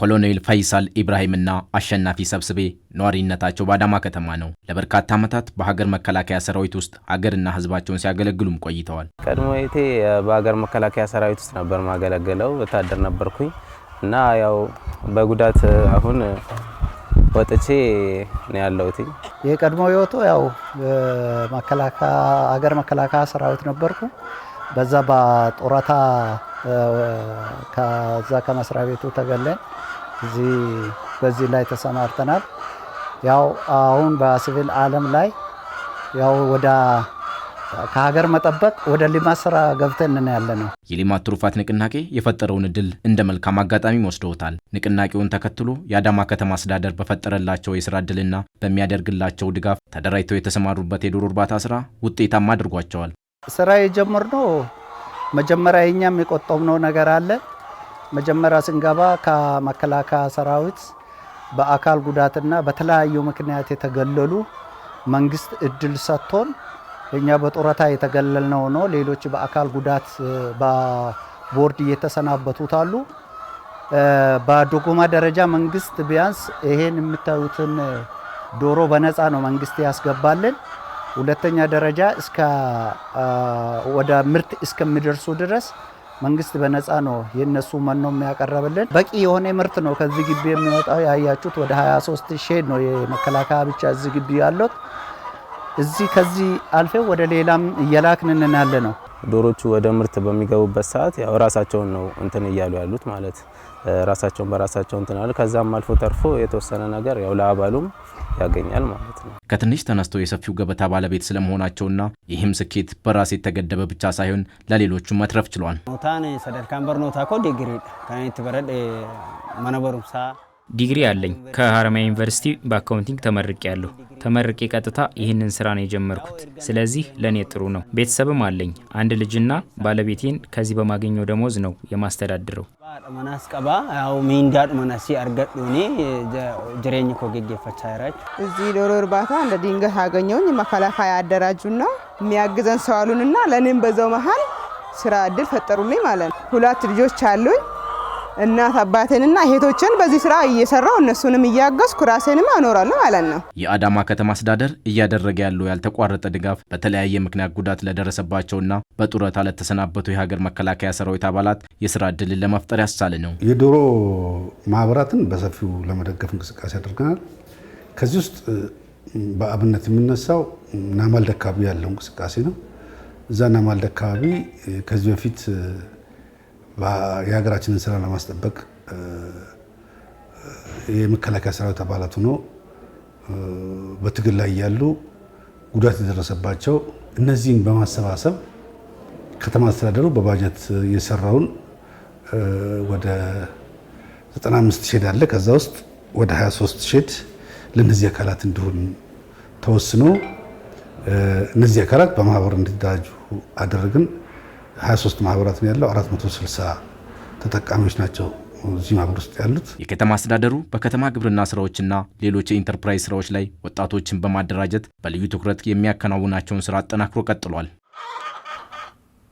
ኮሎኔል ፈይሳል ኢብራሂምና አሸናፊ ሰብስቤ ነዋሪነታቸው በአዳማ ከተማ ነው። ለበርካታ ዓመታት በሀገር መከላከያ ሰራዊት ውስጥ ሀገርና ሕዝባቸውን ሲያገለግሉም ቆይተዋል። ቀድሞ ቴ በሀገር መከላከያ ሰራዊት ውስጥ ነበር ማገለገለው ወታደር ነበርኩኝ እና ያው በጉዳት አሁን ወጥቼ ነው ያለሁት። ይህ ቀድሞ ህይወቱ ያው ሀገር መከላከያ ሰራዊት ነበርኩ በዛ በጡረታ ከዛ ከመስሪያ ቤቱ ተገለን በዚህ ላይ ተሰማርተናል። ያው አሁን በሲቪል ዓለም ላይ ያው ወደ ከሀገር መጠበቅ ወደ ሊማት ስራ ገብተን ያለ ነው። የሊማት ትሩፋት ንቅናቄ የፈጠረውን እድል እንደ መልካም አጋጣሚ ወስደውታል። ንቅናቄውን ተከትሎ የአዳማ ከተማ አስተዳደር በፈጠረላቸው የስራ እድልና በሚያደርግላቸው ድጋፍ ተደራጅተው የተሰማሩበት የዶሮ እርባታ ስራ ውጤታማ አድርጓቸዋል። ስራ የጀመርነው መጀመሪያ የኛም የቆጠብነው ነገር አለ መጀመሪያ ስንገባ ከመከላከያ ሰራዊት በአካል ጉዳትና በተለያዩ ምክንያት የተገለሉ መንግስት እድል ሰጥቶን እኛ በጡረታ የተገለልነው ነው። ሌሎች በአካል ጉዳት በቦርድ እየተሰናበቱት አሉ። በዶጎማ ደረጃ መንግስት ቢያንስ ይሄን የምታዩትን ዶሮ በነፃ ነው መንግስት ያስገባልን። ሁለተኛ ደረጃ እስከ ወደ ምርት እስከሚደርሱ ድረስ መንግስት በነፃ ነው የነሱ መኖ የሚያቀረብልን። በቂ የሆነ ምርት ነው ከዚህ ግቢ የሚወጣው። ያያችሁት ወደ 23 ሼድ ነው የመከላከያ ብቻ እዚህ ግቢ ያሉት። እዚህ ከዚህ አልፌው ወደ ሌላም እየላክን ያለ ነው። ዶሮቹ ወደ ምርት በሚገቡበት ሰዓት ያው ራሳቸውን ነው እንትን እያሉ ያሉት ማለት ራሳቸውን በራሳቸው እንትን አሉ። ከዛም አልፎ ተርፎ የተወሰነ ነገር ያው ለአባሉም ያገኛል ማለት ነው። ከትንሽ ተነስተው የሰፊው ገበታ ባለቤት ስለመሆናቸውና ይህም ስኬት በራስ የተገደበ ብቻ ሳይሆን ለሌሎቹ መትረፍ ችሏል። ኖታን ሰደርካን በርኖታ ኮ ዲግሪ ከኔት በረድ መነበሩም ሳ ዲግሪ አለኝ ከሀረማያ ዩኒቨርሲቲ በአካውንቲንግ ተመርቄ ያለሁ ተመርቄ ቀጥታ ይህንን ስራ ነው የጀመርኩት። ስለዚህ ለእኔ ጥሩ ነው። ቤተሰብም አለኝ። አንድ ልጅና ባለቤቴን ከዚህ በማገኘው ደሞዝ ነው የማስተዳድረው። እዚህ ዶሮ እርባታ እንደ ድንገት አገኘውኝ። መከላከያ አደራጁና የሚያግዘን ሰው አሉንና ለእኔም በዛው መሀል ስራ እድል ፈጠሩልኝ ማለት ነው። ሁለት ልጆች አሉኝ። እናት አባትንና እህቶችን በዚህ ስራ እየሰራው እነሱንም እያገዝኩ ራሴንም አኖራለሁ ማለት ነው። የአዳማ ከተማ አስተዳደር እያደረገ ያለው ያልተቋረጠ ድጋፍ በተለያየ ምክንያት ጉዳት ለደረሰባቸውና በጡረታ ለተሰናበቱ የሀገር መከላከያ ሰራዊት አባላት የስራ እድልን ለመፍጠር ያስቻለ ነው። የዶሮ ማህበራትን በሰፊው ለመደገፍ እንቅስቃሴ አድርገናል። ከዚህ ውስጥ በአብነት የምነሳው ናማልድ አካባቢ ያለው እንቅስቃሴ ነው። እዛ ናማልድ አካባቢ ከዚህ በፊት የሀገራችንን ሰላም ለማስጠበቅ የመከላከያ ሰራዊት አባላት ሆኖ በትግል ላይ ያሉ ጉዳት የደረሰባቸው እነዚህን በማሰባሰብ ከተማ አስተዳደሩ በባጀት የሰራውን ወደ 95 ሼድ አለ። ከዛ ውስጥ ወደ 23 ሼድ ለእነዚህ አካላት እንዲሆን ተወስኖ እነዚህ አካላት በማህበር እንዲደራጁ አደረግን። 23 ማህበራት ነው ያለው። 460 ተጠቃሚዎች ናቸው እዚህ ማህበር ውስጥ ያሉት። የከተማ አስተዳደሩ በከተማ ግብርና ስራዎችና ሌሎች የኢንተርፕራይዝ ስራዎች ላይ ወጣቶችን በማደራጀት በልዩ ትኩረት የሚያከናውናቸውን ስራ አጠናክሮ ቀጥሏል።